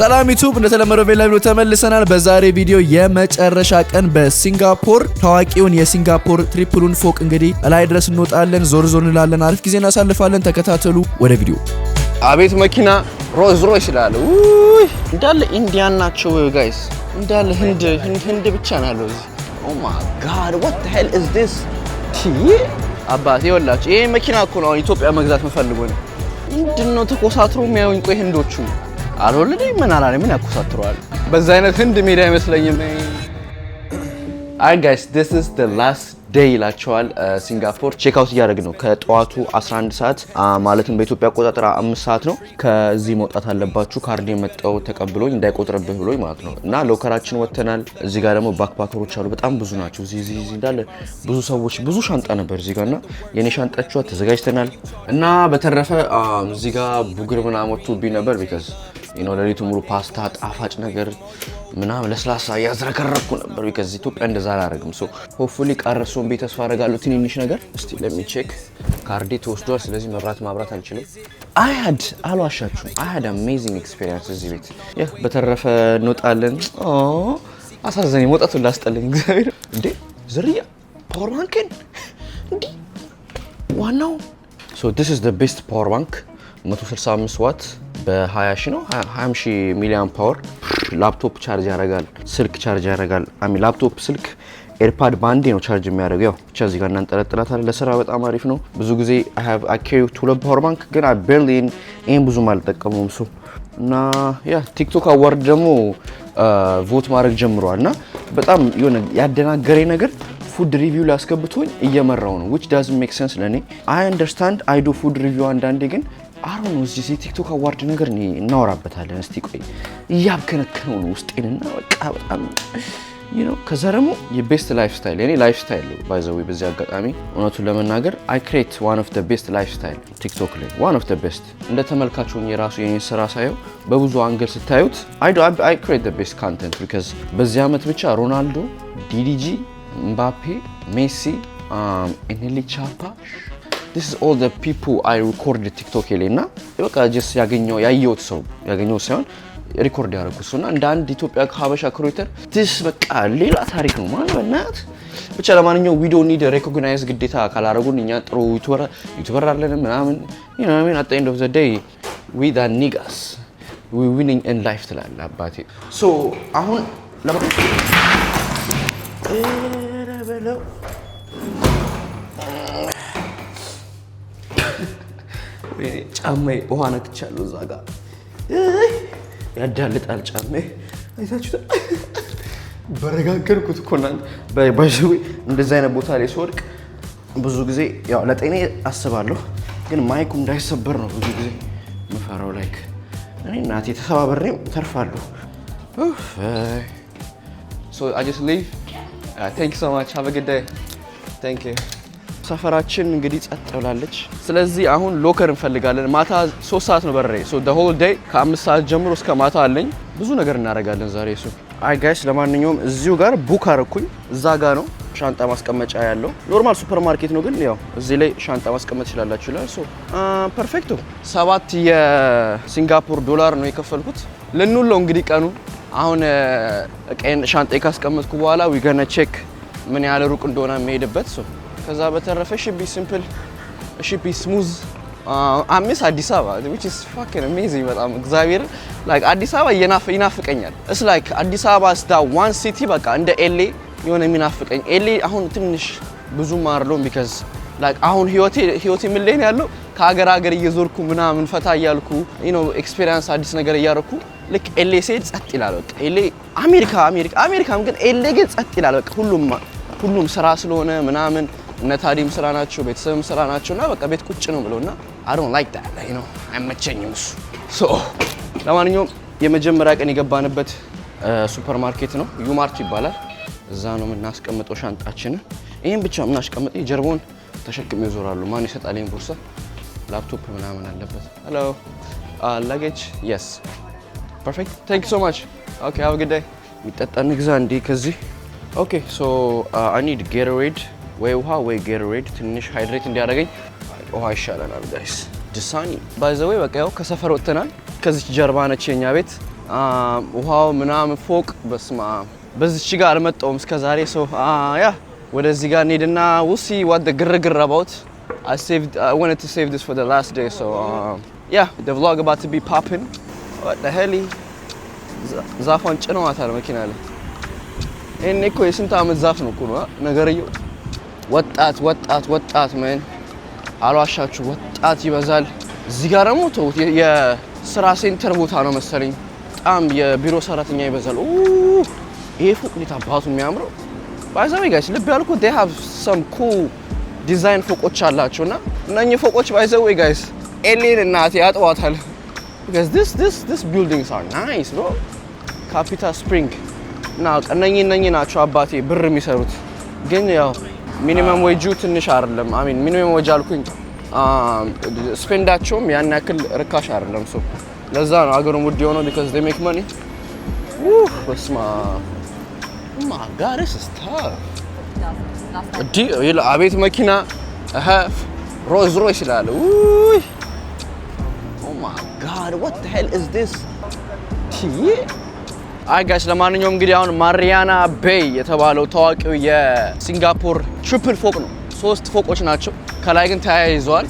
ሰላም ዩቱብ እንደተለመደው ቬላ ቪዲዮ ተመልሰናል። በዛሬ ቪዲዮ የመጨረሻ ቀን በሲንጋፖር ታዋቂውን የሲንጋፖር ትሪፕሉን ፎቅ እንግዲህ ላይ ድረስ እንወጣለን፣ ዞር ዞር እንላለን፣ አሪፍ ጊዜ እናሳልፋለን። ተከታተሉ። ወደ ቪዲዮ። አቤት መኪና ሮዝ ሮይስ ይላል። እንዳለ ኢንዲያን ናቸው ጋይስ፣ እንዳለ ህንድ ህንድ ብቻ ነው ያለው እዚህ። ኦ ማይ ጋድ ዋት ዘ ሄል ኢዝ ዲስ አባቴ ይሄ መኪና እኮ ነው ኢትዮጵያ መግዛት መፈልጎ ነው። ምንድነው ተኮሳትሮ የሚያዩኝ? ቆይ ህንዶቹ አልወለደኝ ምን አላ ምን ያኮሳትረዋል። በዛ አይነት ህንድ ሜዳ አይመስለኝም። አይ ጋይስ ዲስ ኢዝ ዘ ላስት ዴይ ይላቸዋል ሲንጋፖር ቼክ አውት እያደረግን ነው። ከጠዋቱ 11 ሰዓት uh, ማለትም በኢትዮጵያ አቆጣጠር አምስት ሰዓት ነው። ከዚህ መውጣት አለባችሁ ካርድ የመጣው ተቀብሎኝ እንዳይቆጥርብህ ብሎኝ ማለት ነው። እና ሎከራችን ወጥተናል። እዚህ ጋር ደግሞ ባክፓከሮች አሉ። በጣም ብዙ ናቸው። እዚህ እዚህ እንዳለ ብዙ ሰዎች ብዙ ሻንጣ ነበር እዚህ ጋር እና የኔ ሻንጣችኋ ተዘጋጅተናል። እና በተረፈ um, እዚህ ጋር ቡግር ምናምን ወጥቶብኝ ነበር ቢካዝ ሌሊቱ ሙሉ ፓስታ፣ ጣፋጭ ነገር ምናምን ለስላሳ እያዝረከረኩ ነበር። ከዚ ኢትዮጵያ እንደዛ አላደርግም። ሶ ሆፕፉሊ ቀረሶን ቤት ተስፋ አደርጋለሁ። ትንንሽ ነገር እስቲ ለሚቼክ ካርዲ ተወስዷል። ስለዚህ መብራት ማብራት አልችልም። አያድ አልዋሻችሁም፣ አያድ አሜዚንግ ኤክስፔሪንስ እዚህ ቤት ይህ። በተረፈ እንወጣለን። አሳዘኝ መውጣቱ ላስጠለኝ። እግዚአብሔር እንዴ ዝርያ ፓወር ባንክን እንዲህ ዋናው ስ ዲስ ቤስት ፓወር ባንክ 165 ዋት በ20 ሺ ነው 50 ሺ ሚሊዮን ፓወር ላፕቶፕ ቻርጅ ያደርጋል። ስልክ ቻርጅ ያደርጋል። ላፕቶፕ፣ ስልክ ኤርፓድ በአንዴ ነው ቻርጅ የሚያደርገው። ያው ብቻ እዚህ ጋር እናንጠለጥላታለን። ለስራ በጣም አሪፍ ነው። ብዙ ጊዜ አኬሪ ሁለት ፓወር ባንክ ግን በርሊን ይህን ብዙም አልጠቀመውም ሰው እና ያ ቲክቶክ አዋርድ ደግሞ ቮት ማድረግ ጀምረዋል እና በጣም የሆነ ያደናገረኝ ነገር ፉድ ሪቪው ላይ አስገብቶኝ እየመራው ነው ዊች ዳዝንት ሜክ ሴንስ ለእኔ አይ አንደርስታንድ አይዶ ፉድ ሪቪው አንዳንዴ ግን አሮን ነው እዚህ የቲክቶክ አዋርድ ነገር እኔ እናወራበታለን። እስቲ ቆይ እያብከነከነው ነው ውስጤንና በቃ በጣም ነው። ከዛ ደግሞ የቤስት ላይፍ ስታይል የኔ ላይፍ ስታይል ባይ ዘ ዌይ በዚህ አጋጣሚ እውነቱን ለመናገር አይ ክሬት ዋን ኦፍ ደ ቤስት ላይፍ ስታይል ቲክቶክ ላይ ዋን ኦፍ ደ ቤስት እንደ ተመልካቹን የራሱ የኔ ስራ ሳየው በብዙ አንገል ስታዩት አይ ክሬት ደ ቤስት ካንተንት ቢካዝ በዚህ ዓመት ብቻ ሮናልዶ፣ ዲዲጂ፣ ምባፔ፣ ሜሲ፣ um, ኤኔሊ ቻፓ ዲስ ኢዝ ኦል ዘ ፒፑ አይ ሪኮርድ ቲክቶክ ላይ እና በቃ ጀስት ያገኘው ያየሁት ሰው ያገኘሁት ሳይሆን ሪኮርድ ያደረኩት ሰው እና እንደ አንድ ኢትዮጵያ ሀበሻ ክሬተር ዲስ በቃ ሌላ ታሪክ ነው ማለት በእናት ብቻ። ለማንኛው ዊ ዶንት ኒድ ሬኮግናይዝ ግዴታ ካላረጉን እኛ ጥሩ ዩቱበር አለን ምናምን ምን አጠኝ ዶፍ ዘ ደይ ዊ ዳ ኒጋስ ዊ ዊኒንግ ኢን ላይፍ ትላለህ አባቴ። ሶ አሁን ለማ ጫማዬ ውሃ ነክቻለሁ እዛ ጋር ያዳልጣል ጫማዬ። አይታችሁታል። በረጋገርኩት እኮ ባይዘዌ እንደዚህ አይነት ቦታ ላይ ስወድቅ ብዙ ጊዜ ያው ለጤና አስባለሁ፣ ግን ማይኩ እንዳይሰበር ነው ብዙ ጊዜ ምፈራው። ላይክ እኔ እናቴ ተሰባበሬ ተርፋለሁ። ሶ አይ ጀስት ሊቭ ቴንክ ዩ ሶ ማች ሃቭ አ ጉድ ዴይ ቴንክ ዩ ሰፈራችን እንግዲህ ጸጥ ብላለች። ስለዚህ አሁን ሎከር እንፈልጋለን። ማታ ሶስት ሰዓት ነው በረሬ ሆል ዴይ ከአምስት ሰዓት ጀምሮ እስከ ማታ አለኝ። ብዙ ነገር እናደርጋለን ዛሬ ሱ አይ ጋይስ፣ ለማንኛውም እዚሁ ጋር ቡክ አረኩኝ። እዛ ጋ ነው ሻንጣ ማስቀመጫ ያለው። ኖርማል ሱፐር ማርኬት ነው ግን ያው እዚህ ላይ ሻንጣ ማስቀመጥ ይችላላችሁ ይላል። ሶ ፐርፌክቶ ሰባት የሲንጋፖር ዶላር ነው የከፈልኩት። ልንውለው እንግዲህ ቀኑ አሁን ሻንጣ ካስቀመጥኩ በኋላ ዊገነ ቼክ ምን ያህል ሩቅ እንደሆነ የሚሄድበት ከዛ በተረፈ ሺ ቢ ሲምፕል ሺ ቢ ስሙዝ አምስት አዲስ አበባ which is fucking amazing በጣም እግዚአብሔር like አዲስ አበባ ይናፍቀኛል። እስ like አዲስ አበባ is that one city በቃ እንደ ኤሌ የሆነ የሚናፍቀኝ ኤሌ አሁን ትንሽ ብዙ አይደለሁም because like አሁን ህይወቴ ህይወቴ ምን ላይ ነው ያለው ከሀገር ሀገር እየዞርኩ ምናምን ፈታ እያልኩ you know ኤክስፒሪየንስ አዲስ ነገር እያደረኩ ልክ ኤሌ ስሄድ ጸጥ ይላል። በቃ ኤሌ አሜሪካ አሜሪካ አሜሪካም ግን ኤሌ ግን ጸጥ ይላል። በቃ ሁሉም ሁሉም ስራ ስለሆነ ምናምን እነ ታዲም ስራ ናቸው፣ ቤተሰብም ስራ ናቸው እና በቃ ቤት ቁጭ ነው ብለውና አዶን ላይክ ዳት ነው አይመቸኝም እሱ። ለማንኛውም የመጀመሪያ ቀን የገባንበት ሱፐር ማርኬት ነው፣ ዩማርት ይባላል። እዛ ነው የምናስቀምጠው ሻንጣችንን። ይህም ብቻ የምናስቀምጠው የጀርባውን ተሸክም ይዞራሉ። ማን ይሰጣልኝ ቦርሳ ላፕቶፕ ምናምን አለበት። ሄሎ ላጌጅ የስ ፐርፌክት ታንክ ሶ ማች ኦኬ ሀቭ ግዳይ የሚጠጣ ንግዛ እንዴ ከዚህ ኦኬ ሶ አይ ኒድ ጌቶሬድ ወይ ውሃ ወይ ጌቶሬድ ትንሽ ሃይድሬት እንዲያደርገኝ ውሃ ይሻለናል ጋይስ። ድሳኒ ባይዘወይ በቃ ያው ከሰፈር ወጥተናል። ከዚች ጀርባ ነች የኛ ቤት። ውሃው ምናምን ፎቅ በስማ በዚች ጋር አልመጣውም እስከ ዛሬ ሰው ያ ወደዚህ ጋር እንሄድና ውሲ ዋደ ግርግር አባውት ዛፏን ጭነዋታል መኪና ላይ ይሄኔ እኮ የስንት ዓመት ዛፍ ነው ነገርየው ወጣት ወጣት ወጣት ምን አልዋሻችሁ፣ ወጣት ይበዛል። እዚህ ጋር ደግሞ ተውት፣ የስራ ሴንተር ቦታ ነው መሰለኝ። በጣም የቢሮ ሰራተኛ ይበዛል። ይሄ ፎቅ እንዴት አባቱ የሚያምረው ባይዛዊ ጋይስ፣ ልብ ያልኩ ዴ ሃቭ ሰም ኩል ዲዛይን ፎቆች አላቸው እና እነኚህ ፎቆች ባይዘዌ ጋይስ ኤሌን እናቴ ያጥዋታል። ስ ቢልዲንግስ አር ናይስ ብሮ ካፒታል ስፕሪንግ እና እነኚህ እነኚህ ናቸው አባቴ ብር የሚሰሩት ግን ያው ሚኒመም ወጁ ትንሽ አይደለም። አሚን ሚኒመም ወጅ አልኩኝ፣ ስፔንዳቸውም ያን ያክል ርካሽ አይደለም። ሶ ለዛ ነው አገሩም ውድ የሆነው ቢካዝ ዴ ሜክ መኒ በስማ አቤት መኪና ሮዝ ሮይስ ይላል። ኦ ማይ ጋድ ዋት ሄል ኢዝ ዲስ አይ ጋይስ ለማንኛውም እንግዲህ አሁን ማሪያና ቤይ የተባለው ታዋቂው የሲንጋፖር ትሪፕል ፎቅ ነው። ሶስት ፎቆች ናቸው። ከላይ ግን ተያይዘዋል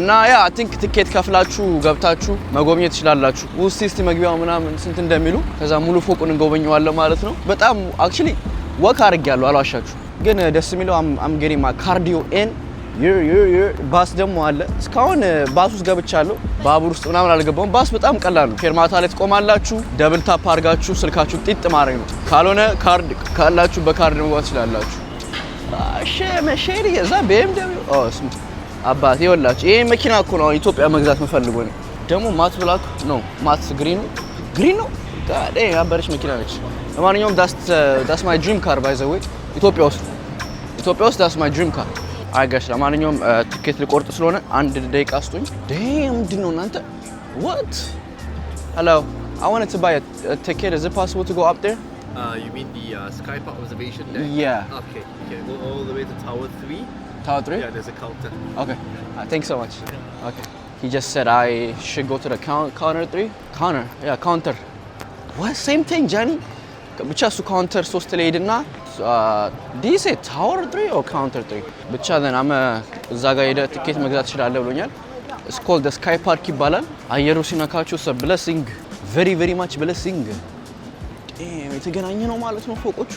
እና ያ አይ ቲንክ ትኬት ከፍላችሁ ገብታችሁ መጎብኘት ትችላላችሁ። ውስጥ ስቲ መግቢያው ምናምን ስንት እንደሚሉ ከዛ ሙሉ ፎቁን እንጎበኘዋለን ማለት ነው። በጣም አክቹሊ ወክ አድርጌያለሁ አልዋሻችሁ። ግን ደስ የሚለው አምጌሪማ ካርዲዮ ኤን ባስ ደግሞ አለ። እስካሁን ባስ ውስጥ ገብቻለሁ፣ ባቡር ውስጥ ምናምን አልገባሁም። ባስ በጣም ቀላል ነው። ፌርማታ ላይ ትቆማላችሁ። ደብል ታፕ አድርጋችሁ ስልካችሁ ጢጥ ማድረግ ነው። ካልሆነ ካርድ ካላችሁ በካርድ መግባት ትችላላችሁ። እዛ ይሄ መኪና እኮ ነው ኢትዮጵያ መግዛት መፈልጎ ነው። ደግሞ ማት ብላክ ነው ማት ግሪን ነው። መኪና ነች። ለማንኛውም ዳስ ማይ ድሪም ካር ባይ ዘ ወይ ኢትዮጵያ ውስጥ ኢትዮጵያ ውስጥ ዳስ ማይ ድሪም ካር I'm Ticket አይጋሽ ለማንኛውም ትኬት ልቆርጥ ስለሆነ አንድ ደቂቃ ስጡኝ። ምንድን ነው እናንተ? What? Hello. I wanted to buy a, ticket. Is it possible to go up there? Uh, you mean the uh, Sky Park observation deck? Yeah. Okay, Okay. go all the way to Tower 3. Tower 3? Yeah, there's a counter. Okay, uh, thanks so much. Okay. He just said I should go to the counter 3? Counter, yeah, counter. What? Same thing, Jenny. ብቻ እሱ ካውንተር ሶስት ላይ ሄድና ዲሴ ታወር ትሪ ካውንተር ትሪ ብቻ አመ እዛ ጋር ሄደ ትኬት መግዛት ትችላለህ ብሎኛል። ስኮል ደ ስካይ ፓርክ ይባላል። አየሩ ሲነካቸው ሰ ብለሲንግ ቨሪ ቨሪ ማች ብለሲንግ የተገናኘ ነው ማለት ነው። ፎቆቹ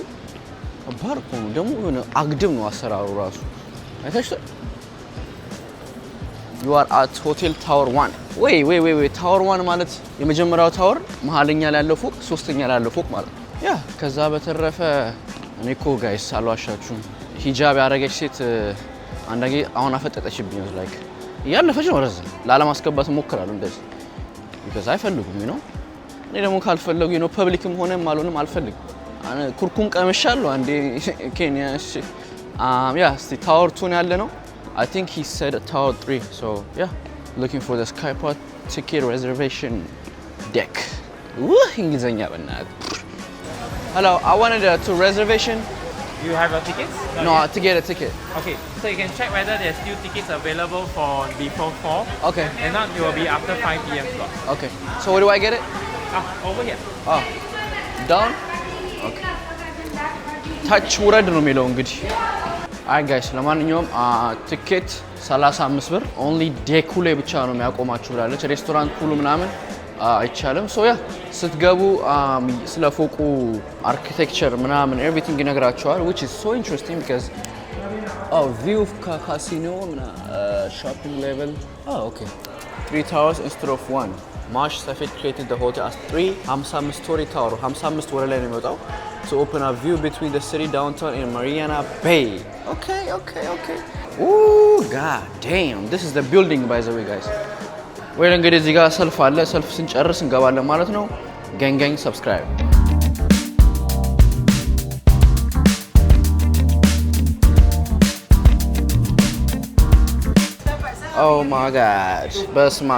ባር እኮ ነው ደግሞ የሆነ አግድም ነው አሰራሩ ራሱ አይተሽ ዩ አር አት ሆቴል ታወር ዋን ወይ ወይ ወይ ታወር ዋን ማለት የመጀመሪያው ታወር መሀለኛ ላለው ፎቅ ሶስተኛ ላለው ያለው ፎቅ ማለት ነው። ያ ከዛ በተረፈ እኔ እኮ ጋይስ አልዋሻችሁም ሂጃብ ያደረገች ሴት አንዳ አሁን አፈጠጠችብኝ። ላይክ እያለፈች ነው ረዘ ላለማስገባት እሞክራለሁ እንደዚህ ቢከዛ አይፈልጉም ነው። እኔ ደግሞ ካልፈለጉ um, ነው ፐብሊክም ሆነም አልሆንም አልፈልግም። ኩርኩም ቀመሻለሁ አንዴ ኬንያ ያ ስ ታወር ቱን ያለ ነው አይ ቲንክ ሂ ሰድ ታወር ትሪ ሶ ያ ሎኪንግ ፎር ስካይፖት ቲኬት ሬዘርቬሽን ዴክ ውህ እንግሊዝኛ በናት Hello, I wanted a uh, two reservation. You have a ticket? no, to get a ticket. Okay, so you can check whether there's still tickets available for before 4. Okay. And not, it will be after 5 p.m. slot. Okay. So where do I get it? Ah, over here. Oh. Down? Okay. ታች ውረድ ነው የሚለው እንግዲህ አይ ጋይስ ለማንኛውም ትኬት 35 ብር ኦንሊ ዴኩ ላይ ብቻ ነው የሚያቆማችሁ ብላለች ሬስቶራንት ሁሉ ምናምን አይቻልም። ሶያ ስትገቡ ስለ ፎቁ አርኪቴክቸር ምናምን ኤቭሪቲንግ ይነግራቸዋል። ዊች ኢዝ ሶ ኢንትረስቲንግ ቢካዝ ቪው ካሲኖ ሾፒንግ ሌቨል ኦኬ ትሪ ታወርስ ኢንስቴድ ኦፍ ዋን ማሽ ሰፌድ ክሬትድ ሆቴል አስ ትሪ 55 ስቶሪ ታወር 55 ወደ ላይ ነው የሚወጣው ቱ ኦፕን አ ቪው ቢትዊን ዘ ሲቲ ዳውንታውን ኤንድ ማሪያና ቤይ ኦኬ ኦኬ ኦኬ ኦ ጋድ ዳም ዚስ ኢዝ ዘ ቢልዲንግ ባይ ዘ ዌይ ጋይስ ወይ እንግዲህ እዚህ ጋር ሰልፍ አለ። ሰልፍ ስንጨርስ እንገባለን ማለት ነው። ገንገኝ ሰብስክራይብ ኦ ማይ ጋድ በስማ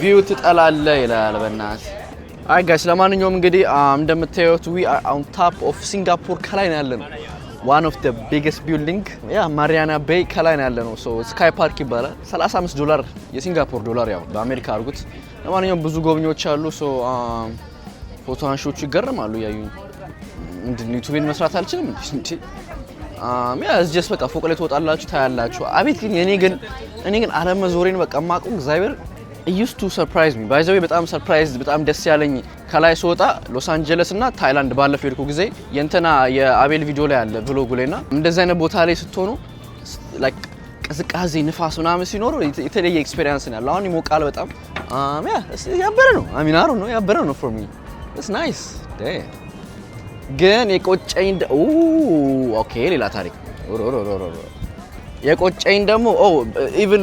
ቪው ትጠላለ ይላል። በእናት አይ ጋይስ፣ ለማንኛውም እንግዲህ እንደምታዩት ዊ አር ኦን ታፕ ኦፍ ሲንጋፖር ከላይ ነው ያለ ነው ዋን ኦፍ ደ ቢግስት ቢልዲንግ ያ ማሪያና ቤይ ከላይ ነው ያለ ነው። ስካይ ፓርክ ይባላል። 35 ዶላር የሲንጋፖር ዶላር ያው በአሜሪካ አድርጉት። ለማንኛውም ብዙ ጎብኚዎች አሉ። um, ፎቶ አንሺዎቹ ይገርማሉ እያዩ ምንድን ዩቱቤን መስራት አልችልም ያ እዚስ um, በቃ ፎቅ ላይ ትወጣላችሁ ታያላችሁ። አቤት ግን የኔ ግን እኔ ግን አለመዞሬን በቃ ማቁ እግዚአብሔር ዩስ ቱ ሰርፕራይዝ ሚ ባይ ዘ ወይ በጣም ሰርፕራይዝ በጣም ደስ ያለኝ ከላይ ስወጣ ሎስ አንጀለስ እና ታይላንድ ባለፈው ሄድኩ ጊዜ የእንትና የአቤል ቪዲዮ ላይ አለ ብሎጉ ላይ ና እንደዚህ አይነት ቦታ ላይ ስትሆኑ ቅዝቃዜ ንፋስ ምናምን ሲኖሩ የተለየ ኤክስፔሪንስ ነው ያለው። አሁን ይሞቃል በጣም ያበረ ነው አሚናሩ ነው ያበረ ነው ፎር ሚ ስ ናይስ። ግን የቆጨኝ ኦኬ ሌላ ታሪክ የቆጨኝ ደግሞ ኦ ኢቭን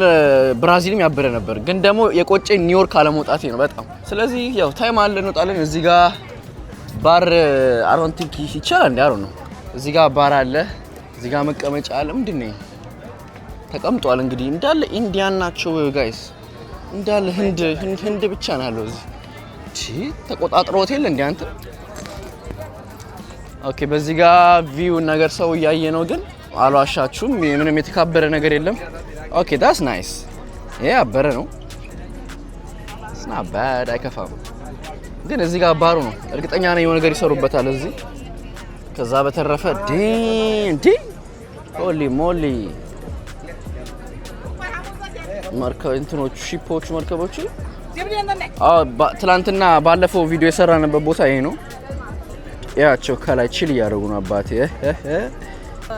ብራዚልም ያበደ ነበር፣ ግን ደግሞ የቆጨኝ ኒውዮርክ አለመውጣቴ ነው በጣም። ስለዚህ ያው ታይም አለ እንወጣለን። እዚህ ጋር ባር አይ ዶንት ቲንክ ይቻላል እንዴ? አሮ ነው እዚህ ጋር ባር አለ፣ እዚህ ጋር መቀመጫ አለ። ምንድን ነው ተቀምጧል። እንግዲህ እንዳለ ኢንዲያን ናቸው ጋይስ፣ እንዳለ ህንድ ህንድ ብቻ ነው ያለው እዚህ። እቺ ተቆጣጥሮ ሆቴል እንዴ አንተ። ኦኬ፣ በዚህ ጋር ቪው ነገር ሰው እያየ ነው ግን አልዋሻችሁም። ምንም የተካበረ ነገር የለም። ኦኬ ዳስ ናይስ። ይሄ አበረ ነው ስና ባድ አይከፋም። ግን እዚህ ጋር ባሩ ነው እርግጠኛ ነኝ የሆነ ነገር ይሰሩበታል እዚህ። ከዛ በተረፈ ዲን ዲ ሆሊ ሞሊ መርከብ እንትኖቹ ሺፖቹ መርከቦቹ ትላንትና ባለፈው ቪዲዮ የሰራንበት ቦታ ይሄ ነው። ያቸው ከላይ ችል እያደረጉ ነው አባቴ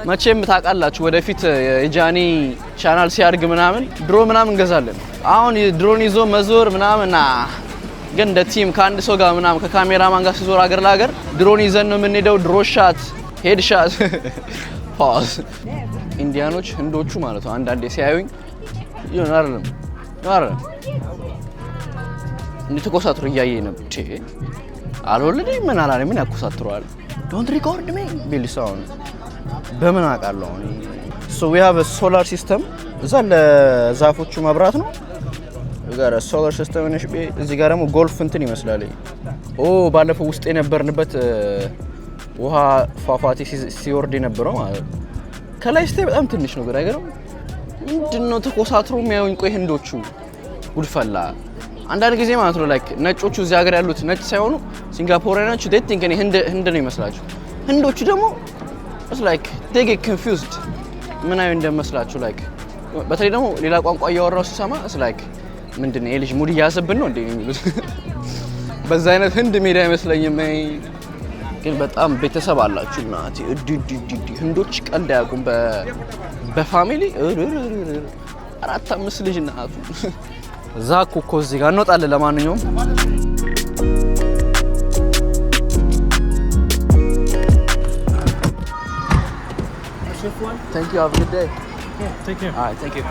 መቼም ታውቃላችሁ ወደፊት የጃኒ ቻናል ሲያድግ ምናምን ድሮ ምናምን እንገዛለን። አሁን ድሮን ይዞ መዞር ምናምን ግን እንደ ቲም ከአንድ ሰው ጋር ምናምን ከካሜራማን ጋር ሲዞር አገር ለአገር ድሮን ይዘን ነው የምንሄደው። ድሮ ሻት ሄድ ሻት ፓዝ ኢንዲያኖች ህንዶቹ ማለት ነው። አንዳንዴ ሲያዩኝ ይሆን አይደለም አይደለም እንዴ ተኮሳትሮ እያየኝ ነው። ቼ አልወለደኝ ምን አላለ ምን ያኮሳትረዋል? ዶንት ሪኮርድ ሚ ቢልሳውን በምን አውቃለሁ? አሁን ሶላር ሲስተም እዛ ለዛፎቹ መብራት ነው። ጋር ሶላር ሲስተም ነሽ። እዚህ ጋር ደግሞ ጎልፍ እንትን ይመስላል። ኦ ባለፈው ውስጥ የነበርንበት ውሃ ፏፏቴ ሲወርድ የነበረው ማለት ነው። ከላይ ስታይ በጣም ትንሽ ነው። ግራ ምንድነው ተኮሳትሮ የሚያዩኝ? ቆይ ህንዶቹ ጉድፈላ አንዳንድ ጊዜ ማለት ነው ላይክ ነጮቹ እዚህ ሀገር ያሉት ነጭ ሳይሆኑ ሲንጋፖሪያኖቹ ህንድ ነው ይመስላችሁ። ህንዶቹ ደግሞ ላይክ ዴ ጌት ኮንፊውዝድ ምን አይነት እንደመስላችሁ ላይክ በተለይ ደግሞ ሌላ ቋንቋ እያወራው ሲሰማ እስ ላይክ ምንድን ነው የልጅ ሙድ እያያዘብን ነው እንዴ የሚሉት። በዛ አይነት ህንድ ሜዳ አይመስለኝም። ግን በጣም ቤተሰብ አላችሁ እና ህንዶች ቀልድ አያውቁም። በፋሚሊ አራት አምስት ልጅ እናቱ እዛ እኮ እዚህ ጋር እንወጣለን። ለማንኛውም ፎ ታንክ ዩ ጉድ ዴይ ሀቭ ጉዳይ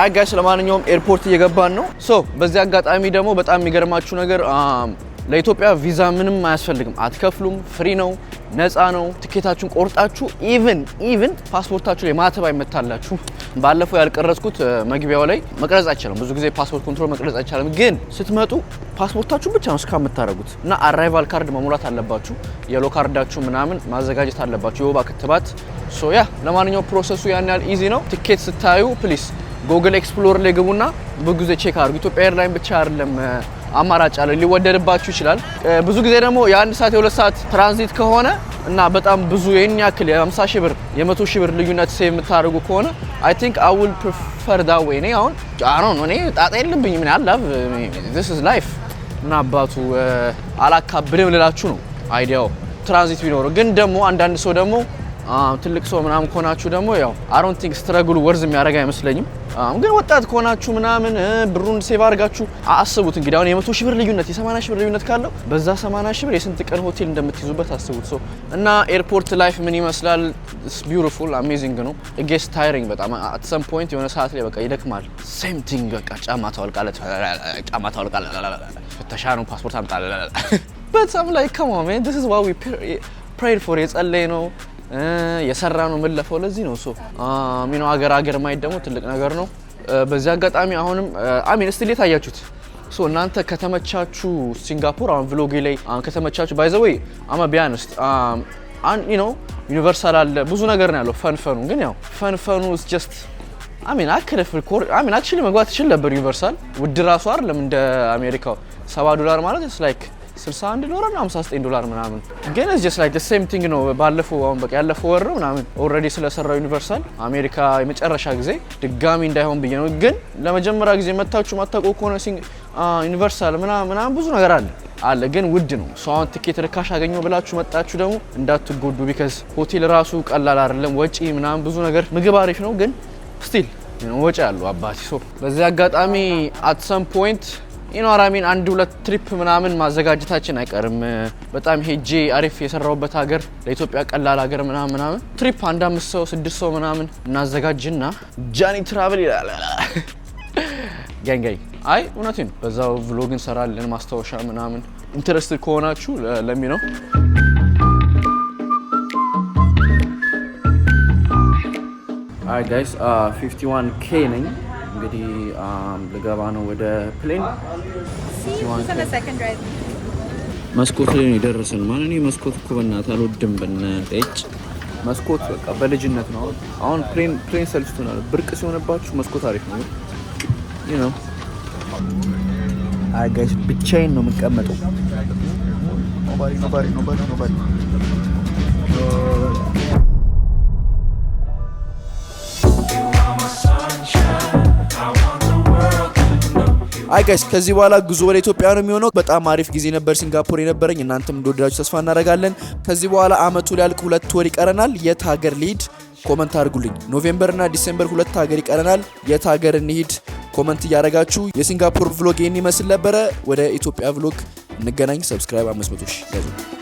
አይ ጋይስ፣ ለማንኛውም ኤርፖርት እየገባን ነው። ሶ በዚህ አጋጣሚ ደግሞ በጣም የሚገርማችሁ ነገር um, ለኢትዮጵያ ቪዛ ምንም አያስፈልግም፣ አትከፍሉም፣ ፍሪ ነው፣ ነፃ ነው። ትኬታችሁን ቆርጣችሁ ኢቭን ኢቭን ፓስፖርታችሁ ላይ ማተብ አይመታላችሁ። ባለፈው ያልቀረጽኩት መግቢያው ላይ መቅረጽ አይቻልም። ብዙ ጊዜ ፓስፖርት ኮንትሮል መቅረጽ አይቻልም፣ ግን ስትመጡ ፓስፖርታችሁን ብቻ ነው እስካ የምታደርጉት እና አራይቫል ካርድ መሙላት አለባችሁ። የሎ ካርዳችሁ ምናምን ማዘጋጀት አለባችሁ። የወባ ክትባት ሶ ያ ለማንኛውም ፕሮሰሱ ያን ያህል ኢዚ ነው። ትኬት ስታዩ ፕሊስ ጎግል ኤክስፕሎር ላይ ግቡና ብዙ ጊዜ ቼክ አድርጉ። ኢትዮጵያ ኤርላይን ብቻ አይደለም አማራጭ አለ። ሊወደድባችሁ ይችላል። ብዙ ጊዜ ደግሞ የአንድ ሰዓት የሁለት ሰዓት ትራንዚት ከሆነ እና በጣም ብዙ ይህን ያክል የ50 ሺህ ብር የ100 ሺህ ብር ልዩነት ሴቭ የምታደርጉ ከሆነ አይ ቲንክ አይ ዊል ፕሪፈር ዳ ወይ። እኔ አሁን አሮ እኔ ጣጣ የለብኝ ምን አላ ዚስ ኢዝ ላይፍ ምን አባቱ አላካብድም ልላችሁ ነው አይዲያው ትራንዚት ቢኖሩ ግን ደግሞ አንዳንድ ሰው ደግሞ ትልቅ ሰው ምናምን ከሆናችሁ ደግሞ ያው አሮን ቲንክ ስትረግሉ ወርዝ የሚያደርግ አይመስለኝም። ግን ወጣት ከሆናችሁ ምናምን ብሩን ሴቭ አድርጋችሁ አስቡት። እንግዲህ አሁን የመቶ ሺህ ብር ልዩነት የሰማንያ ሺህ ብር ልዩነት ካለው በዛ ሰማንያ ሺህ ብር የስንት ቀን ሆቴል እንደምትይዙበት አስቡት። ሰው እና ኤርፖርት ላይፍ ምን ይመስላል? ቢውቲፉል አሜዚንግ ነው። እጌስ ታይሪንግ በጣም አት ሰም ፖይንት የሆነ ሰዓት ላይ በቃ ይደክማል። ሴም ቲንግ በቃ ጫማ ታወልቃለ፣ ጫማ ታወልቃለ፣ ፍተሻ ነው፣ ፓስፖርት አምጣ በጣም ላይ ከማ ስ ዋ ፕሬድ ፎር የጸለይ ነው የሰራ ነው የምንለፈው። ለዚህ ነው ሶ ሚኖ ሀገር አገር ማየት ደግሞ ትልቅ ነገር ነው። በዚህ አጋጣሚ አሁንም አሚን እስቲ ሌት አያችሁት ሶ እናንተ ከተመቻችሁ ሲንጋፖር አሁን ቪሎጌ ላይ ከተመቻችሁ ባይ ዘ ወይ አማ ቢያንስት ቢያንስ ነው ዩኒቨርሳል አለ ብዙ ነገር ነው ያለው። ፈንፈኑ ግን ያው ፈንፈኑ ስ ጀስት አሚን አክለፍ ኮር አሚን አክቹሊ መግባት ይችል ነበር ዩኒቨርሳል ውድ ራሱ አይደለም እንደ አሜሪካው 70 ዶላር ማለት ስ ላይክ 61 ዶላር እና 59 ዶላር ምናምን ግን ጀስ ላይክ ሴም ቲንግ ነው። ባለፈው አሁን በቃ ያለፈው ወር ነው ምናምን ኦልሬዲ ስለሰራው ዩኒቨርሳል አሜሪካ የመጨረሻ ጊዜ ድጋሚ እንዳይሆን ብዬ ነው። ግን ለመጀመሪያ ጊዜ መታችሁ ማታቆ ከሆነ ዩኒቨርሳል ምናምን ብዙ ነገር አለ አለ ግን ውድ ነው። አሁን ትኬት ርካሽ አገኘ ብላችሁ መጣችሁ ደግሞ እንዳትጎዱ። ቢከዝ ሆቴል ራሱ ቀላል አይደለም፣ ወጪ ምናምን ብዙ ነገር። ምግብ አሪፍ ነው ግን ስቲል ወጪ አሉ አባቴ። ሶ በዚህ አጋጣሚ አት ሰም ፖይንት ኢኖራሚን አንድ ሁለት ትሪፕ ምናምን ማዘጋጀታችን አይቀርም። በጣም ሄጄ አሪፍ የሰራውበት ሀገር ለኢትዮጵያ ቀላል ሀገር ምናምን ምናምን ትሪፕ አንድ አምስት ሰው ስድስት ሰው ምናምን እናዘጋጅና ጃኒ ትራቭል ይላል ጋንጋይ። አይ እውነቴ ነው። በዛው ቭሎግ እንሰራለን ማስታወሻ ምናምን። ኢንተረስትድ ከሆናችሁ ለሚ ነው አይ ጋይስ 51 ኬ ነኝ እንግዲህ ልገባ ነው ወደ ፕሌን። መስኮት ላይ ነው የደረስን። ማን እኔ መስኮት እኮ በእናትህ አልወድም። በነጭ መስኮት በቃ በልጅነት ነው። አሁን ፕሌን ፕሌን ሰልችቶናል። ብርቅ ሲሆንባችሁ መስኮት አሪፍ ነው ነው። አጋሽ ብቻዬን ነው የምቀመጠው። አይ ጋይስ ከዚህ በኋላ ጉዞ ወደ ኢትዮጵያ ነው የሚሆነው። በጣም አሪፍ ጊዜ ነበር ሲንጋፖር የነበረኝ። እናንተም እንደወደዳችሁ ተስፋ እናደርጋለን። ከዚህ በኋላ አመቱ ሊያልቅ ሁለት ወር ይቀረናል። የት ሀገር ሊሂድ ኮመንት አድርጉልኝ። ኖቬምበርና ዲሴምበር ሁለት ሀገር ይቀረናል። የት ሀገር እንሂድ ኮመንት እያደረጋችሁ የሲንጋፖር ቭሎግ ይህን ይመስል ነበረ። ወደ ኢትዮጵያ ቭሎግ እንገናኝ። ሰብስክራይብ 500 ሺ